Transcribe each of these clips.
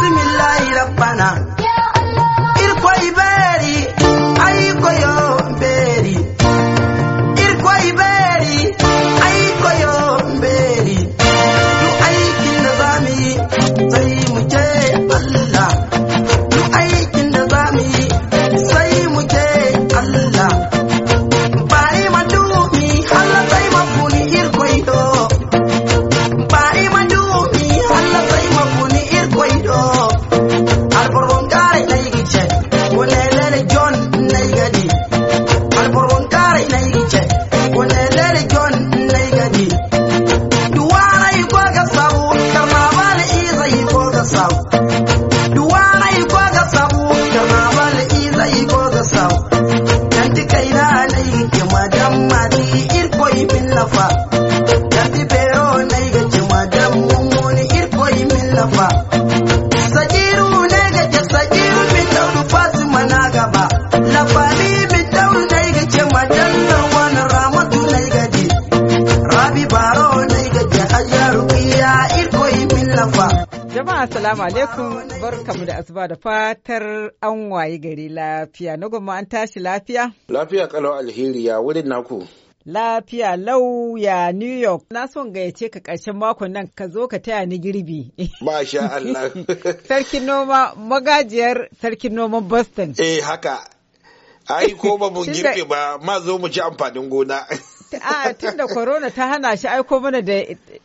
bismillahi rabbana ya allah irko iberi ay koyo Assalamu alaikum barkamu da asuba da fatar an waye gari lafiya. Na gwamma an tashi lafiya? Lafiya kalau alheri ya wurin naku. Lafiya lau ya New York. Na son gayyace ka ƙarshen makon nan ka zo ka taya ni girbi. Masha Allah. sarkin noma magajiyar sarkin noman Boston. Eh haka. Ai ko ba mun girbe ba ma zo mu ci amfanin gona. A ah, tun da corona ta hana shi aiko mana da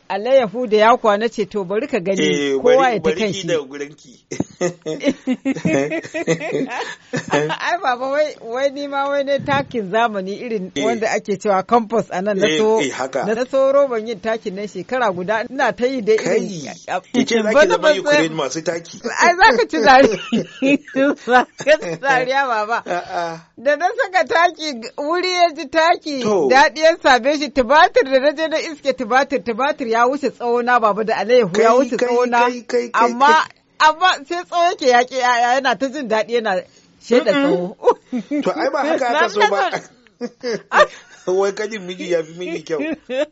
alayyafu da ya kwana ce to bari ka gani eh, kowa ya ta kan shi. da gurinki. Ai baba wai ni ma wai ne takin zamani irin eh. wanda ake cewa compost a nan eh, na so roban yin takin nan shekara guda ina ta yi da irin. Kai, ce za ki zama Ukraine masu taki. Ai za ka ci ya baba. Da na saka taki wuri ya ji taki daɗi ya same shi tubatir da na je na iske tubatir tubatir ya wuce tsawona baba da alayyahu ya wuce tsawona amma amma sai tsawo yake yaƙi yaya yana ta jin daɗi yana shaida tsawo. To ai ba haka aka so ba. wai kajin miji ya fi miji kyau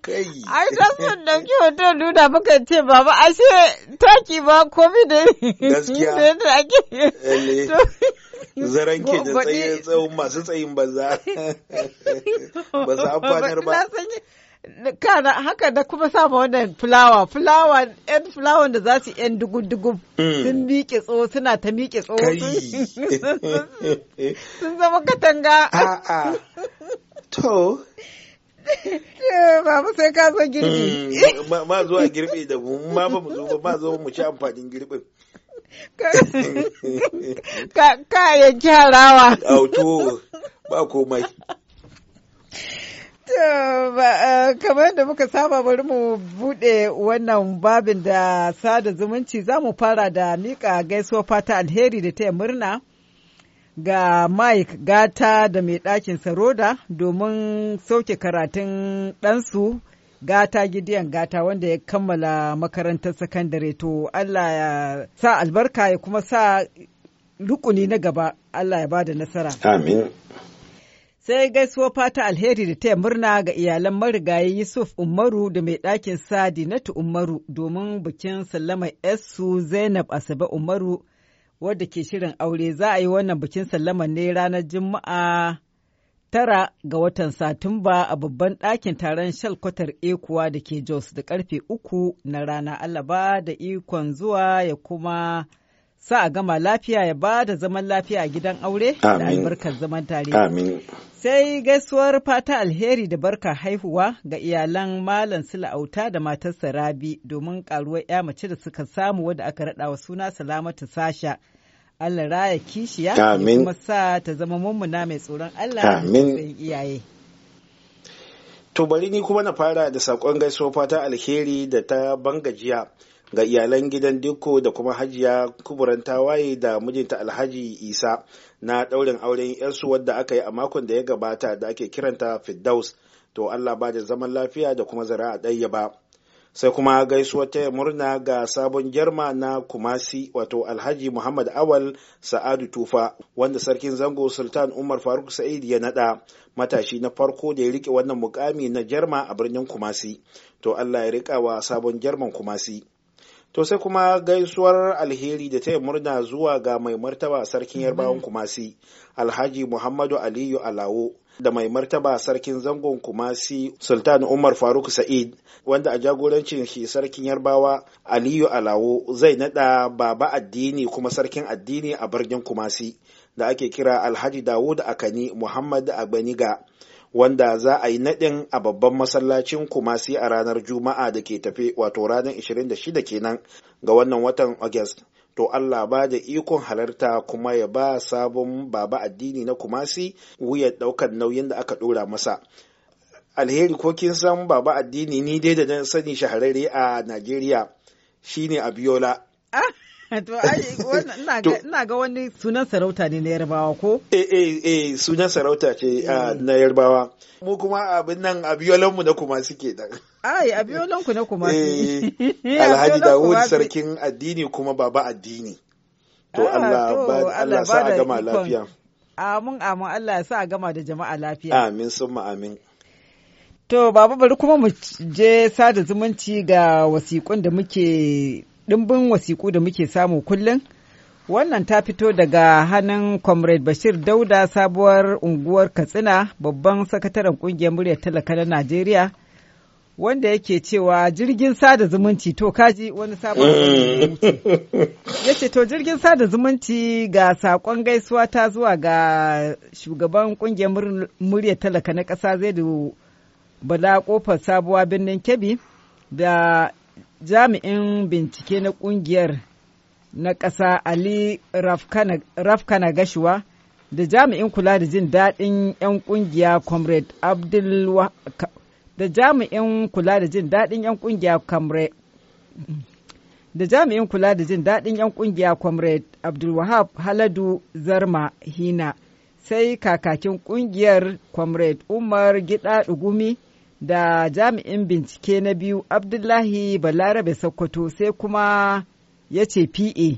kai ai da sun dauki hoton nuna maka ce baba ashe taki ba komi da gaskiya da ake zaran ke da tsayin tsawon masu tsayin ba za ba za amfanar ba kana haka da kuma sama wannan fulawa fulawa yan fulawan da za su yan dugu-dugu mm. sun miƙe tsoho suna ta miƙe tsoho sun zama katanga to eh, Babu sai ka zo girbi. Mm, ma zuwa girbi da mu ma ba mu zo ba ma zo mu ci amfanin girbin. Ka yanki harawa. Auto ba komai. Eh, kamar da muka saba bari mu bude wannan babin da sada zumunci za mu fara da mika gaisuwa fata alheri da taya murna ga mike gata da mai ɗakin saroda domin sauke karatun ɗansu gata gidiyan gata wanda ya kammala makarantar sakandare to allah ya sa albarka ya kuma sa rukuni na gaba allah ya ba da nasara amin sai gaisuwa fata alheri da taya murna ga iyalan marigayi Yusuf Umaru da mai ɗakin sa Dinatu Umaru domin bikin sallama su Zainab Asabe Umaru wadda ke shirin aure za a yi wannan bikin sallama ne ranar Juma'a tara ga watan Satumba a babban ɗakin taron shalkwatar ekuwa da ke Jos da karfe uku na rana alaba da ikon zuwa ya kuma sa a gama lafiya ya ba da zaman lafiya a gidan aure da albarkar zaman tare. Amin. Sai gaisuwar fata alheri da barka haihuwa ga iyalan Malam Sula'auta da matarsa Rabi domin karuwar ya mace da suka samu wadda aka raɗa wa suna Salamatu Sasha. Allah raya kishiya ya kuma sa ta zama mummuna mai tsoron Allah da iyaye. To bari ni kuma na fara da saƙon gaisuwar fata alheri da ta bangajiya. jiya. ga iyalan gidan Dikko da kuma Hajiya kuburan tawaye da mijinta Alhaji Isa na ɗaurin auren 'yarsu wadda aka yi a makon da ya gabata da ake kiranta Fiddaus. To Allah ba da zaman lafiya da kuma zara'a ɗayya ba. Sai kuma gaisuwar taya murna ga sabon jarma na Kumasi wato Alhaji Muhammad Awal Sa'adu Tufa wanda sarkin zango Sultan Umar Faruk Sa'id ya naɗa matashi na farko da ya rike wannan mukami na jarma a birnin Kumasi. To Allah ya rika wa sabon jarman Kumasi. To sai kuma gaisuwar alheri da ta yi murna zuwa ga mai martaba sarkin yarbawan mm-hmm. kumasi Alhaji Muhammadu Aliyu Alawo da mai martaba sarkin zangon kumasi Sultan Umar Faruk Sa'id wanda a jagorancin shi sarkin yarbawa Aliyu Alawo zai nada baba addini kuma sarkin addini a birnin kumasi da ake kira Alhaji Dawud Akani Muhammad Abaniga wanda za a yi naɗin a babban masallacin kumasi a ranar juma'a da ke tafe wato ranar 26 kenan ga wannan watan august to allah ba da ikon halarta kuma ya ba sabon baba addini na kumasi wuyar ɗaukar nauyin da aka ɗora masa alheri ko kin san baba addini ni dai da sani shahararre a najeriya shine abiola ah! to ina ga wani sunan sarauta ne na yarbawa ko eh eh eh sunan sarauta ce eh. ah, na yarbawa mu kuma abin nan abiyolan na kuma suke da ai abiyolan na kuma eh, alhaji dawud sarkin addini kuma baba addini to ah, Allah sa a gama lafiya amin amin Allah sa a gama da jama'a lafiya amin summa amin To, baba bari kuma mu je sada zumunci ga wasiƙun da muke ɗimbin wasiƙu da muke samu kullum wannan ta fito daga hannun comrade bashir dauda sabuwar unguwar katsina babban sakataren ƙungiyar muryar talaka na najeriya wanda yake cewa jirgin sada zumunci to kaji wani sabon mm. ya ce to jirgin sada zumunci ga sakon gaisuwa ta zuwa ga shugaban ƙungiyar muryar talaka na ƙasa zai da bala kofar sabuwa birnin kebbi da jami'in bincike na kungiyar na ƙasa ali rafkana gashuwa da jami'in kula da jin daɗin 'yan kungiya comrade abdulwahab haladu zarma hina sai kakakin kungiyar comrade umar gida ɗugumi da jami'in bincike na biyu Abdullahi Balarabe Sokoto sai kuma ya ce PA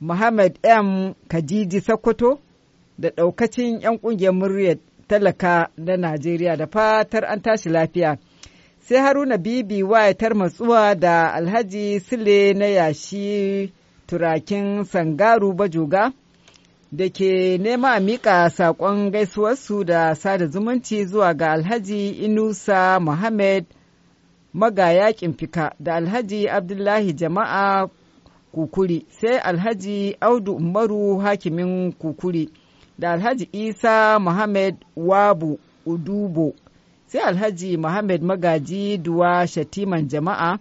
Muhammad M. Kajiji Sokoto da ɗaukacin 'yan ƙungiyar muryar talaka na Najeriya da fatar an tashi lafiya. Sai Haruna Bibi wayatar tarmatsuwa da Alhaji Sule na yashi turakin Sangaru Bajoga da ke nema mika saƙon gaisuwarsu da sada zumunci zuwa ga Alhaji Inusa Muhammad magayakin fika da Alhaji Abdullahi Jama'a Kukuri sai Alhaji Audu Umaru hakimin Kukuri da Alhaji Isa Muhammad Wabu Udubo sai Alhaji Muhammad Magaji Duwa Shatiman Jama'a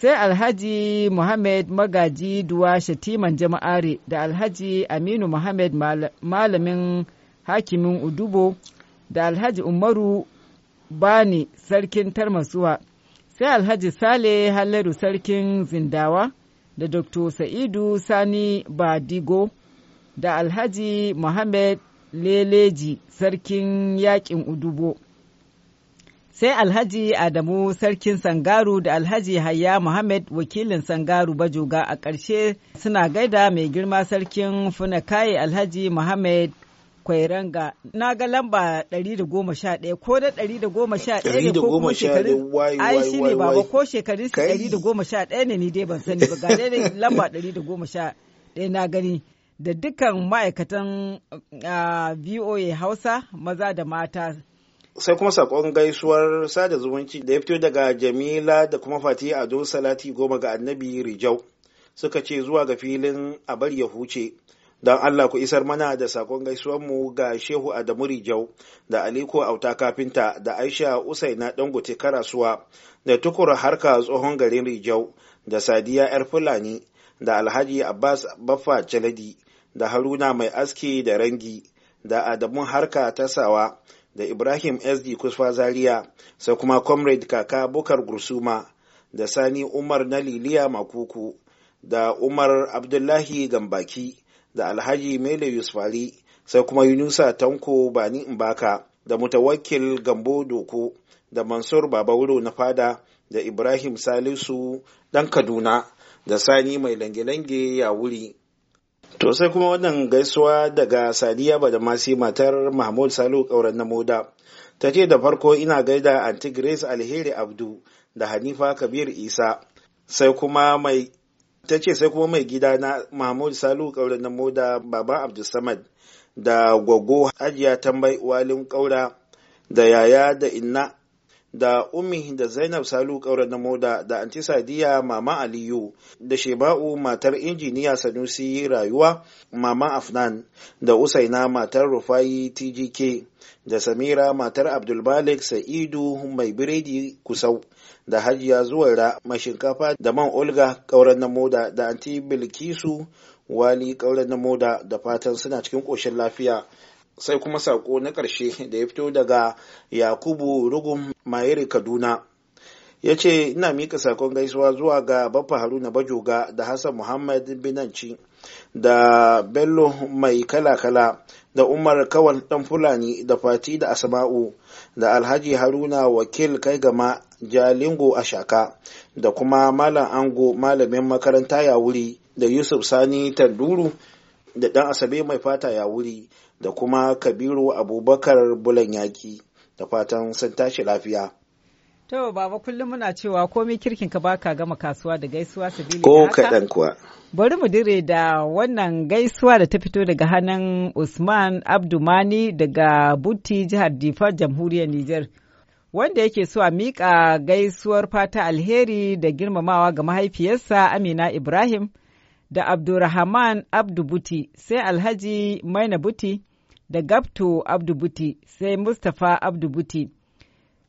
sai alhaji muhammad magaji duwa shatiman jama'are da alhaji aminu muhammad malamin hakimin udubo da alhaji umaru bani sarkin tarmasuwa sai alhaji sale halaru sarkin zindawa da dr sa'idu sani badigo da alhaji muhammad leleji sarkin yakin udubo sai Alhaji Adamu Sarkin Sangaru da Alhaji Hayya Muhammad wakilin Sangaru Bajoga a ƙarshe suna gaida mai girma Sarkin Funakaye Alhaji Muhammad Kwairanga na ga lamba 111 ko da 111 ko kuma ai shi ne ba ko shekarun 111 ne ni dai ban sani ba gane da lamba 111 na gani da dukkan ma'aikatan ah, VOA Hausa maza da mata sai kuma sakon gaisuwar sada zumunci da ya fito daga jamila da kuma fati ado salati goma ga annabi rijau suka ce zuwa ga filin a bar ya huce don allah ku isar mana da sakon gaisuwar mu ga shehu adamu rijau da aliko auta kafinta da aisha usaina dangote karasuwa da tukur harka tsohon garin rijau da sadiya yar fulani da alhaji abbas baffa jaladi da haruna mai aski da rangi da adamu harka ta sawa da ibrahim sd kusfa zaria sai kuma comrade kaka bukar gursuma da sani umar na liliya makuku da umar abdullahi gambaki da alhaji mele yusufari sai kuma yunusa tanko bani mbaka da mutawakkil gambo doko da mansur babauro na fada da ibrahim salisu ɗan kaduna da sani mai lange-lange ya wuri To sai kuma wannan gaisuwa daga Sadiya Badamasi matar Mahmud Salu ƙauren Namoda. Ta ce da farko ina gaida Aunty Grace Alheri Abdu da Hanifa Kabir Isa. Sai kuma mai ta ce sai kuma mai gida na Mahmud Salu ƙauren Namoda Baba Abdulsamad da Gwaggo Hajiya Tambai Walin Ƙaura da yaya da inna da ummi da zainab salu kauran na moda da sadiya mama aliyu da sheba'u matar injiniya sanusi rayuwa mama afnan da usaina matar rufayi tgk da samira matar abdulbalik sa'idu mai biredi kusau da hajiya zuwara mai shinkafa da man olga kauran na moda da anti bilkisu wali kauran na moda da fatan suna cikin ƙoshin lafiya sai kuma sako na ƙarshe da ya fito daga yakubu rugun mayere kaduna ya ce ina mika sakon gaisuwa zuwa ga baffa haruna bajoga da hassan muhammad binanci da bello mai kala-kala da umar kawal dan fulani da fati da asma'u da alhaji haruna wakil kai gama jalingo a shaka da kuma malam ango malamin makaranta ya wuri da yusuf sani tanduru da dan asabe mai fata ya wuri da kuma kabiru abubakar bulan yaki da fatan sun tashi lafiya To baba kullum muna cewa komai kirkin ka baka gama kasuwa da gaisuwa sabili Ko kaɗan kuwa. Bari mu dire da wannan gaisuwa da ta fito daga hannun Usman Abdumani daga Buti jihar Difar jamhuriyar Nijar. Wanda yake so a miƙa gaisuwar fata alheri da girmamawa ga mahaifiyarsa Amina Ibrahim. da Abdurrahman abdubuti sai Alhaji Maina Buti da Gabto abdubuti sai Mustapha abdubuti Buti.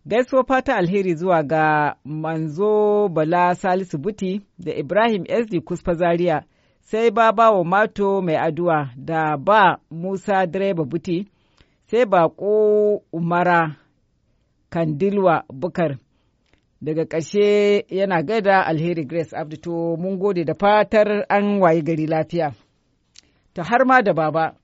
Gaisuwa fata alheri zuwa ga Manzo Bala Salisu Buti da Ibrahim SD kuspa Zaria sai Babawa Mato Mai Aduwa da ba Musa Direba Buti sai Bako Umara Kandilwa Bukar. daga ƙarshe yana gaida alheri grace abdito mun gode da fatar an wayi gari lafiya ta har ma da baba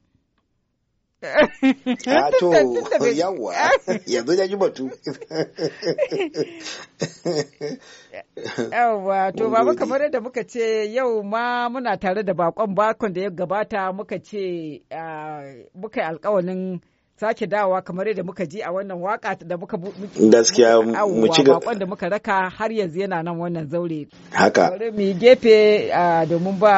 ah, to to baba kamar da muka ce yau ma muna tare da bakon bakon da ya gabata muka ce ah, muka yi alkawalin sake dawowa kamar yadda muka ji a wannan waka da muka gaskiya mu ci da muka raka har yanzu yana nan wannan zaure haka bari mu gefe domin ba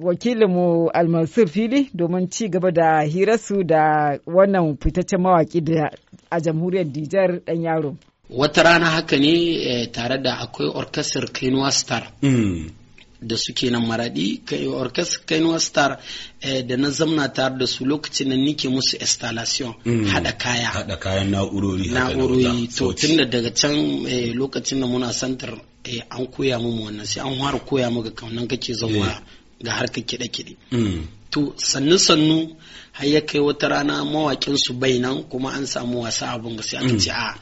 wakilinmu almansur fili domin ci gaba da hirarsu da wannan fitaccen mawaki da a jamhuriyar dijar dan yaro wata rana haka ne eh, tare da akwai orkestar kainuwa star hmm. da suke nan maradi kai orchestra kainuwa star eh, da na zamna tare da su lokacin da nike musu installation mm. hada kaya hada kayan na'urori na'urori to tunda daga can eh, lokacin da muna santar eh, an koya mu wannan sai an fara koya mu ga kaunan kake zama ga harkar kiɗe-kiɗe mm. to sannu-sannu har ya kai wata rana mawakin su bai kuma an samu wasa abun ga sai aka ce mm. a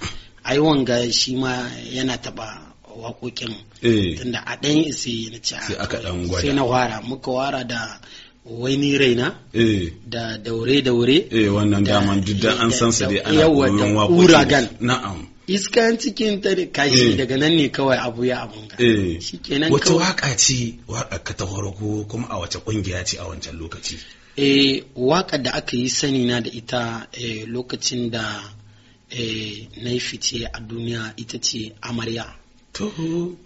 ai wanga shi ma yana taba waƙoƙin eh. tunda a ɗan isi na ci ah, sai na wara muka wara da wani raina eh. da daure daure eh wannan daman duk an san su dai ana koyon waƙoƙi na'am iskan cikin ta da kashi eh. daga nan ne kawai abu ya abun ga shikenan wace waka ce waka ka ta farko kuma a wace kungiya ce a wancan lokaci eh waka da aka yi sani na da ita lokacin da na yi fice a duniya ita ce amarya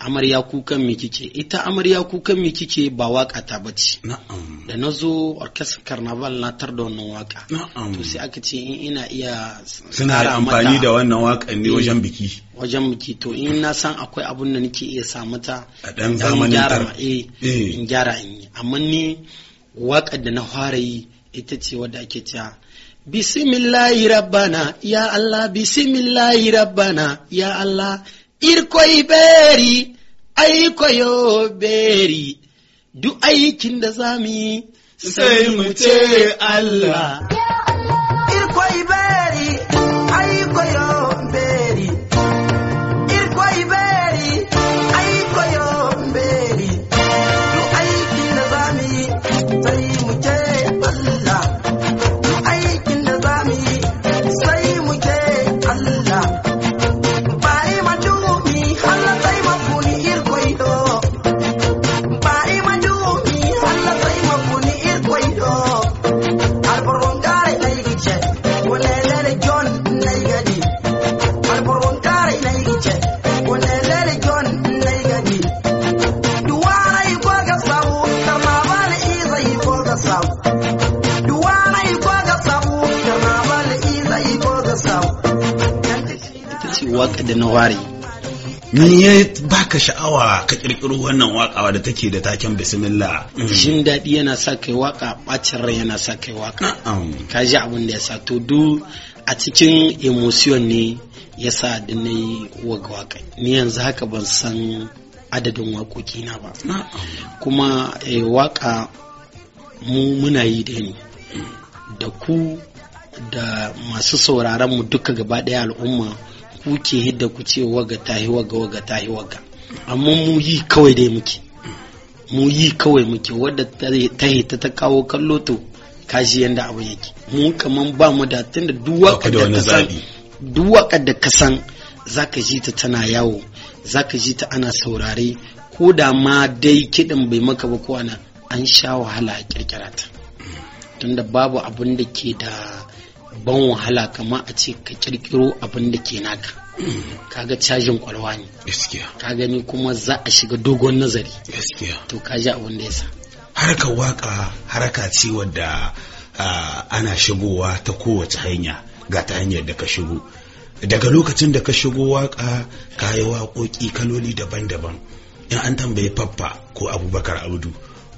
amarya kukan me kike ita amarya kukan me kike ba waka ta bace da na zo orchestra carnival na tar da wannan waka to sai aka ce in ina iya suna da amfani da wannan wakan ne eh, wajen biki wajen biki to in na san akwai abun da nake iya sa mata a dan gyara eh, eh. in gyara in yi amma ni wakar da na fara yi ita ce wadda ake cewa bismillahi rabbana ya allah bismillahi rabbana ya allah irkoi beri aikoyo beri duk aikin da zami sai mu ce Allah. da na ware ni ya baka sha'awa ka kirkiro wannan wakawa da take da taken bismillah shin mm. daɗi yana sa kai waka bacin rai yana sa kai waka ka ji abin da ya sa to du a cikin emotion ne ya sa da na yi waka ni yanzu haka ban san adadin waƙoƙi na ba kuma eh, waka mu muna yi da ni mm. da ku da masu sauraron mu duka gaba ɗaya al'umma kuke hidda ku ce waga tahi waga waga tahi waga amma mu yi kawai dai muke mu yi kawai muke wadda ta yi ta kawo kallo to kashi yadda abu yake mu kaman ba mu da tunda duwaka da ka san duwaka da ka san zaka ji ta tana yawo zaka ji ta ana saurare ko da ma dai kiɗan bai maka ba ko ana an sha wahala a kirkira ta tunda babu abin da ke da babban wahala kama a ce ka kirkiro abin da ke naka mm. kaga cajin kwalwa ne gaskiya ka gani kuma za a shiga dogon nazari to ka ji abin da yasa harkar waka haraka ce wadda ana shigowa ta kowace hanya ga ta hanyar da ka shigo daga lokacin da ka shigo waka ka yi waƙoƙi kaloli daban-daban in an tambaye faffa ko abubakar abdu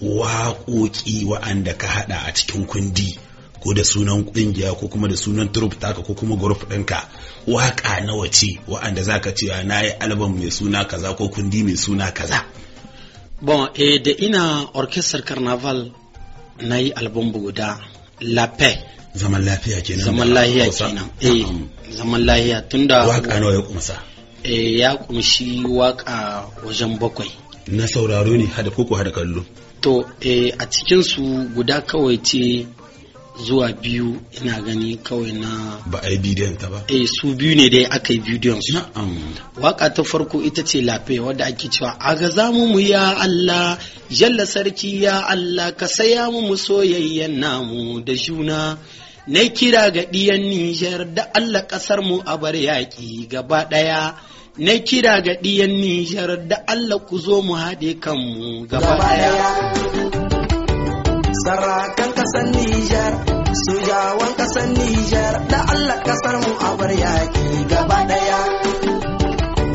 waƙoƙi wa'anda ka hada a cikin kundi ko da sunan kungiya ko kuma da sunan trup taka ko kuma group ɗinka waka na wace wa'anda zaka cewa ah, na yi album mai suna kaza ko kundi mai suna kaza bon eh da ina orchestra carnaval na yi album guda la paix zaman lafiya kenan zaman lafiya kenan eh zaman lafiya tunda waka nawa ya kumsa eh ya kumshi waka wajen bakwai na sauraro ne hada koko hada kallo to eh a cikin su guda kawai ce zuwa biyu ina gani kawai na ba a yi bidiyon ta ba eh su biyu ne dai aka yi bidiyon su waka ta farko ita ce lafe wadda ake cewa a ga zamu mu ya Allah jalla sarki ya Allah ka saya mu mu soyayyen namu da juna na kira ga ɗiyan Nijar da Allah ƙasar mu a bar yaƙi gaba ɗaya na kira ga ɗiyan Niger da Allah ku zo mu haɗe kanmu gaba ɗaya sarakan kasan Nijar sojawan kasar Nijar da Allah kasar mu a bar yaki gaba daya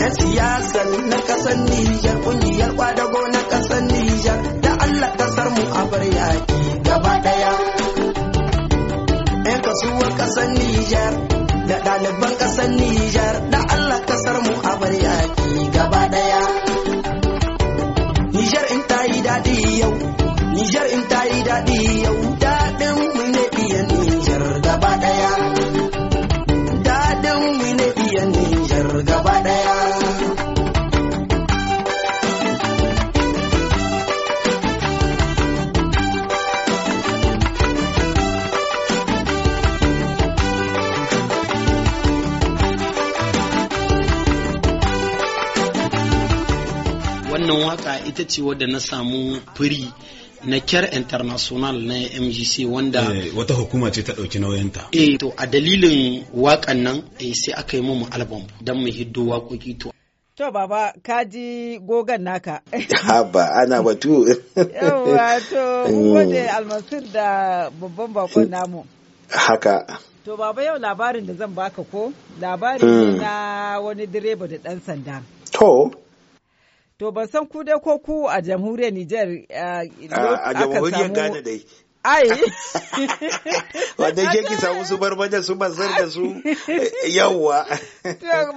yan siyasar na kasar Nijar kungiyar kwadago na kasar Nijar da Allah kasar mu a bar yaki gaba daya yan kasuwar kasar Nijar da ɗaliban kasar Nijar ce wadda na samu firi na kyar international na mgc wanda eh, wata hukuma ce ta dauki nauyinta eh to a dalilin wakan nan eh, sai aka yi mu album don mu hiddo wakoki to To baba ka ji gogan naka. Haba ana batu. yawa to mm. gode almasir da babban bakon namu. Haka. To baba yau labarin da zan baka ko labari mm. na wani direba da dan sanda. To. To ban san ku dai ko ku a jamhuriyar Nijar a jamhuriyar Ghana dai. Ai. Wanda ke ki samu su barbada su bazar da su eh, yawwa.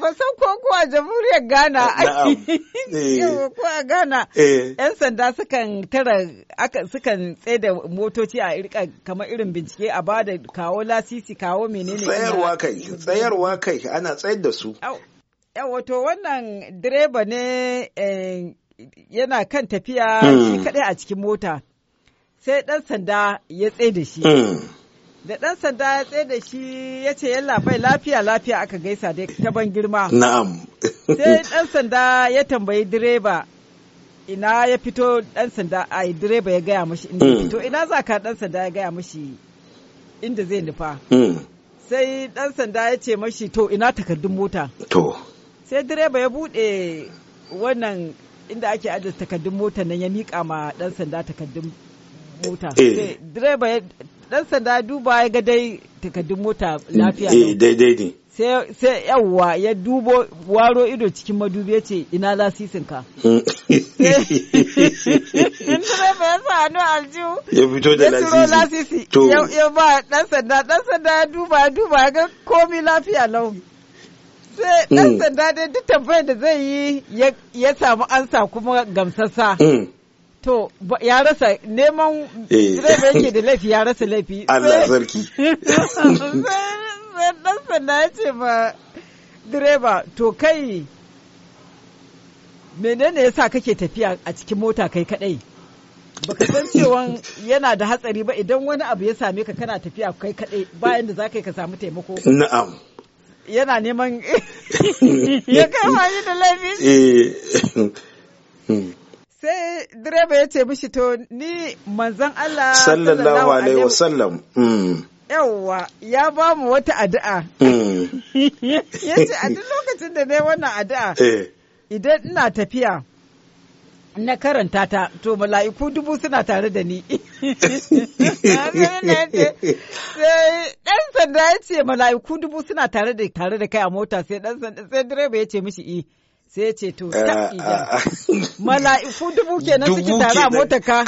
Ba san ko ku a jamhuriyar Ghana. Eh. Ko a Ghana. Eh. Yan sanda sukan tara sukan tsaida motoci a irka kamar irin bincike a bada kawo lasisi kawo menene. Tsayarwa kai tsayarwa kai ana tsayar da su. wato wannan direba ne eh, yana kan tafiya hmm. shi kaɗai a cikin mota sai ɗan sanda ya tsaye da shi hmm. da ɗan sanda ya tsaye da shi ya ce yalla bai lafiya lafiya aka gaisa da ta ban girma na'am sai ɗan sanda ya tambayi direba ina ya fito ɗan sanda a direba ya gaya mashi inda ya hmm. fito ina za ka ɗan sanda ya gaya mashi inda zai nufa sai ɗan sanda ya ce mashi to ina takardun mota to sai direba ya buɗe wannan inda ake ajiye takardun mota nan ya miƙa ma ɗan sanda takardun mota eh. direba ɗan sanda duba ya ga dai takardun mota mm, lafiya eh daidai ne sai yawwa ya dubo waro ido cikin madubi ya ce ina lasisin ka eh. direba ya sa hannu aljihu ya fito da lasisi ya ba ɗan sanda dan sanda ya duba ya duba ya ga komi lafiya lau sai hmm. ɗan sanda dai duk tambayar da zai yi ya samu ansa kuma gamsasa. Hmm. To ya rasa neman eh. direba yake da laifi ya rasa laifi. Allah sarki. Sai ɗan sanda ya ce ma direba to kai menene ya sa kake tafiya a cikin mota kai kaɗai? baka san cewa yana da hatsari ba idan wani abu ya same ka kana tafiya kai kadai bayan da za ka yi ka samu taimako. Na'am. yana neman ya kai wani da laifi eh. sai direba ya ce mishi to ni manzan Allah sallallahu alaihi wasallam hmm. yawwa ya ba mu wata addu'a hmm. ya ce a duk lokacin da ne wannan addu'a eh. idan ina tafiya na karanta ta to mala'iku dubu suna tare da ni dan sanda ya ce mala'iku dubu suna tare da tare da kai a mota sai ɗan sanda sai direba ya ce mishi i sai ya ce to eh, eh, eh. mala'iku dubu kenan suke tare a mota ka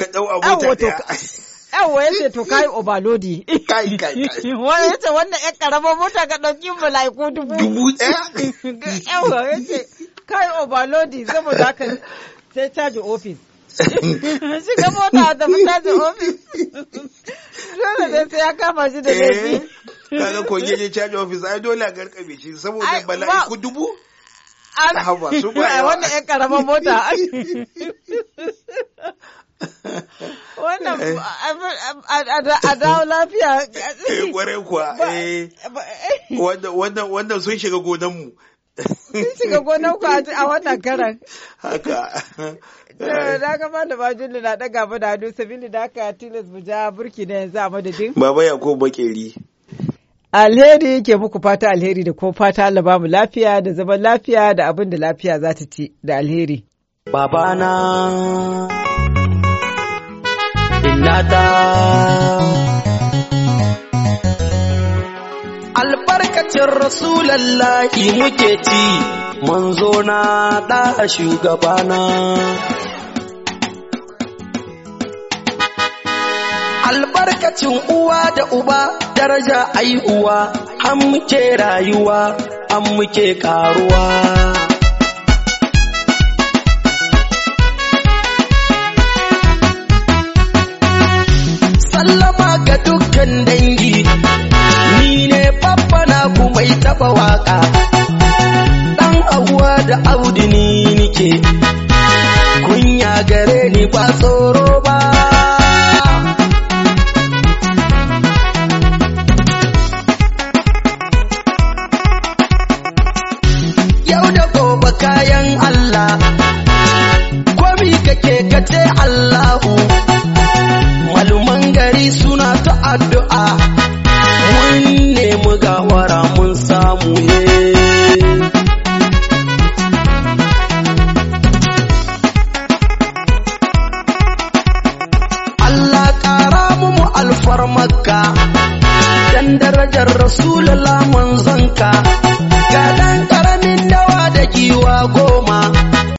yawwa ya ce to kai obalodi. Kai kai kai. Wani ya ce wannan ƴan ƙaramar mota ka ɗauki mala'iku dubu. Dubu ɗaya. Yawwa ya ce kai obalodi za ka sai caji ofis Shi ga mota a tafi caji ofis dole ne sai ya kama shi da eh, laifi kaga ko ne caji ofis ai dole a garkabe shi saboda bala'i ku dubu Haba, su ba. Wannan ‘yan karamar mota. Wannan eh. a dawo lafiya. Kwarai eh, kuwa. Wannan sun shiga gonanmu. Kin shiga gonar ku a wannan karan. Haka. Na ga malama Jullu na ɗaga mu da hannu sabili da haka tilas mu ja burki na yanzu a madadin. Baba Yakubu Bakeri. Alheri ke muku fata alheri da ko fata Allah ba mu lafiya da zaman lafiya da abin da lafiya za ta ci da alheri. Babana Inata albarkacin rasulallahi muke ci manzo na da shugabana albarkacin uwa da uba daraja aihuwa an muke rayuwa an muke karuwa sallama ga dukkan dangi mai taba waka dan abuwa da audini nike kunya gare ni ba tsoro ba